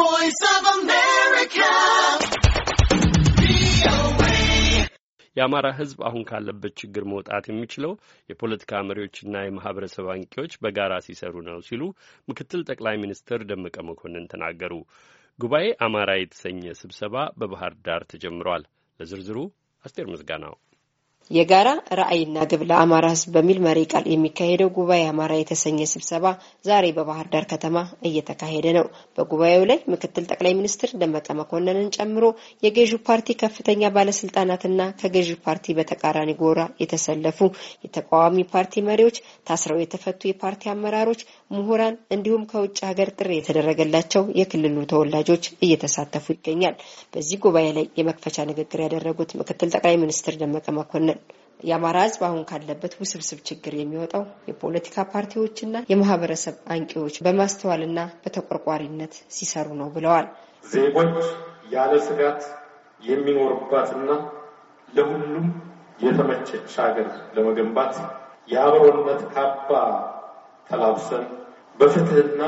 voice of America. የአማራ ሕዝብ አሁን ካለበት ችግር መውጣት የሚችለው የፖለቲካ መሪዎችና የማህበረሰብ አንቂዎች በጋራ ሲሰሩ ነው ሲሉ ምክትል ጠቅላይ ሚኒስትር ደመቀ መኮንን ተናገሩ። ጉባኤ አማራ የተሰኘ ስብሰባ በባህር ዳር ተጀምሯል። ለዝርዝሩ አስቴር ምስጋናው የጋራ ራዕይና ግብ ለአማራ ሕዝብ በሚል መሪ ቃል የሚካሄደው ጉባኤ አማራ የተሰኘ ስብሰባ ዛሬ በባህር ዳር ከተማ እየተካሄደ ነው። በጉባኤው ላይ ምክትል ጠቅላይ ሚኒስትር ደመቀ መኮንንን ጨምሮ የገዢው ፓርቲ ከፍተኛ ባለስልጣናትና ከገዢው ፓርቲ በተቃራኒ ጎራ የተሰለፉ የተቃዋሚ ፓርቲ መሪዎች፣ ታስረው የተፈቱ የፓርቲ አመራሮች፣ ምሁራን እንዲሁም ከውጭ ሀገር ጥሪ የተደረገላቸው የክልሉ ተወላጆች እየተሳተፉ ይገኛል። በዚህ ጉባኤ ላይ የመክፈቻ ንግግር ያደረጉት ምክትል ጠቅላይ ሚኒስትር ደመቀ መኮንን የአማራ ህዝብ አሁን ካለበት ውስብስብ ችግር የሚወጣው የፖለቲካ ፓርቲዎችና የማህበረሰብ አንቂዎች በማስተዋልና በተቆርቋሪነት ሲሰሩ ነው ብለዋል። ዜጎች ያለ ስጋት የሚኖርባትና ለሁሉም የተመቸች ሀገር ለመገንባት የአብሮነት ካባ ተላብሰን በፍትህና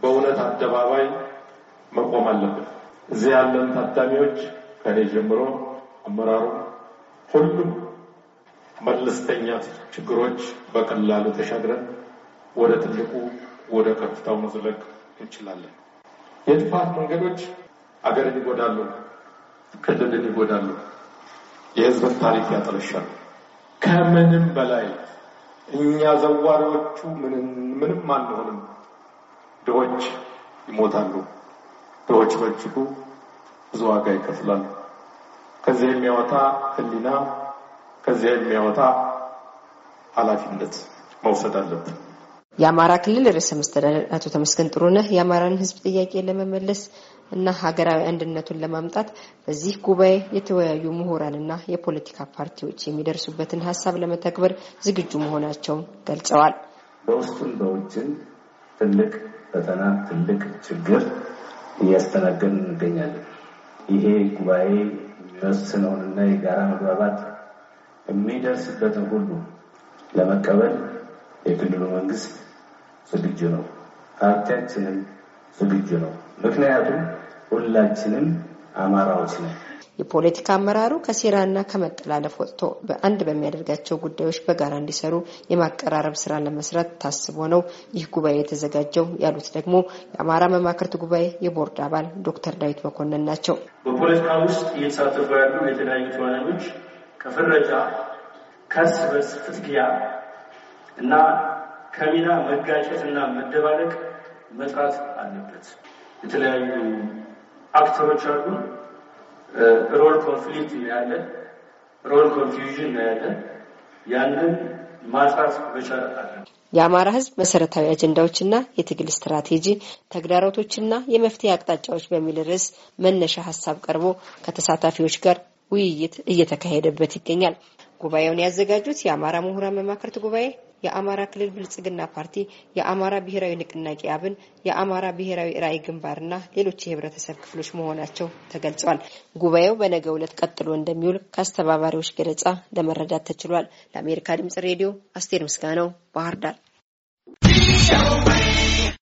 በእውነት አደባባይ መቆም አለብን። እዚህ ያለን ታዳሚዎች ከኔ ጀምሮ አመራሩ ሁሉም መለስተኛ ችግሮች በቀላሉ ተሻግረን ወደ ትልቁ ወደ ከፍታው መዝለቅ እንችላለን። የጥፋት መንገዶች አገርን ይጎዳሉ፣ ክልልን ይጎዳሉ፣ የህዝብን ታሪክ ያጠለሻሉ። ከምንም በላይ እኛ ዘዋሪዎቹ ምንም አንሆንም። ድሆች ይሞታሉ። ድሆች በእጅጉ ብዙ ዋጋ ይከፍላሉ። ከዚህ የሚያወጣ ህሊና ከዚያ የሚያወጣ ኃላፊነት መውሰድ አለብን። የአማራ ክልል ርዕሰ መስተዳደር አቶ ተመስገን ጥሩነህ የአማራን ሕዝብ ጥያቄ ለመመለስ እና ሀገራዊ አንድነቱን ለማምጣት በዚህ ጉባኤ የተወያዩ ምሁራንና የፖለቲካ ፓርቲዎች የሚደርሱበትን ሀሳብ ለመተግበር ዝግጁ መሆናቸውን ገልጸዋል። በውስጡን በውጭን ትልቅ ፈተና፣ ትልቅ ችግር እያስተናገድን እንገኛለን። ይሄ ጉባኤ የሚወስነውንና የጋራ መግባባት የሚደርስበትን ሁሉ ለመቀበል የክልሉ መንግስት ዝግጁ ነው። ፓርቲያችንም ዝግጁ ነው። ምክንያቱም ሁላችንም አማራዎች ነው። የፖለቲካ አመራሩ ከሴራና ከመጠላለፍ ወጥቶ በአንድ በሚያደርጋቸው ጉዳዮች በጋራ እንዲሰሩ የማቀራረብ ስራ ለመስራት ታስቦ ነው ይህ ጉባኤ የተዘጋጀው ያሉት ደግሞ የአማራ መማክርት ጉባኤ የቦርድ አባል ዶክተር ዳዊት መኮንን ናቸው። በፖለቲካ ውስጥ እየተሳተፉ ያሉ የተለያዩ ተዋናዮች ከፍረጃ፣ ከእርስ በርስ ፍትጊያ እና ከሚና መጋጨት እና መደባለቅ መጥራት አለበት። የተለያዩ አክተሮች አሉ። ሮል ኮንፍሊክት እናያለን፣ ሮል ኮንፊውዥን እናያለን። ያንን ማጥራት መቻል አለ የአማራ ሕዝብ መሰረታዊ አጀንዳዎችና የትግል ስትራቴጂ ተግዳሮቶችና የመፍትሄ አቅጣጫዎች በሚል ርዕስ መነሻ ሀሳብ ቀርቦ ከተሳታፊዎች ጋር ውይይት እየተካሄደበት ይገኛል። ጉባኤውን ያዘጋጁት የአማራ ምሁራን መማክርት ጉባኤ፣ የአማራ ክልል ብልጽግና ፓርቲ፣ የአማራ ብሔራዊ ንቅናቄ አብን፣ የአማራ ብሔራዊ ራዕይ ግንባርና ሌሎች የህብረተሰብ ክፍሎች መሆናቸው ተገልጿል። ጉባኤው በነገ ዕለት ቀጥሎ እንደሚውል ከአስተባባሪዎች ገለጻ ለመረዳት ተችሏል። ለአሜሪካ ድምጽ ሬዲዮ አስቴር ምስጋናው ባህር ዳር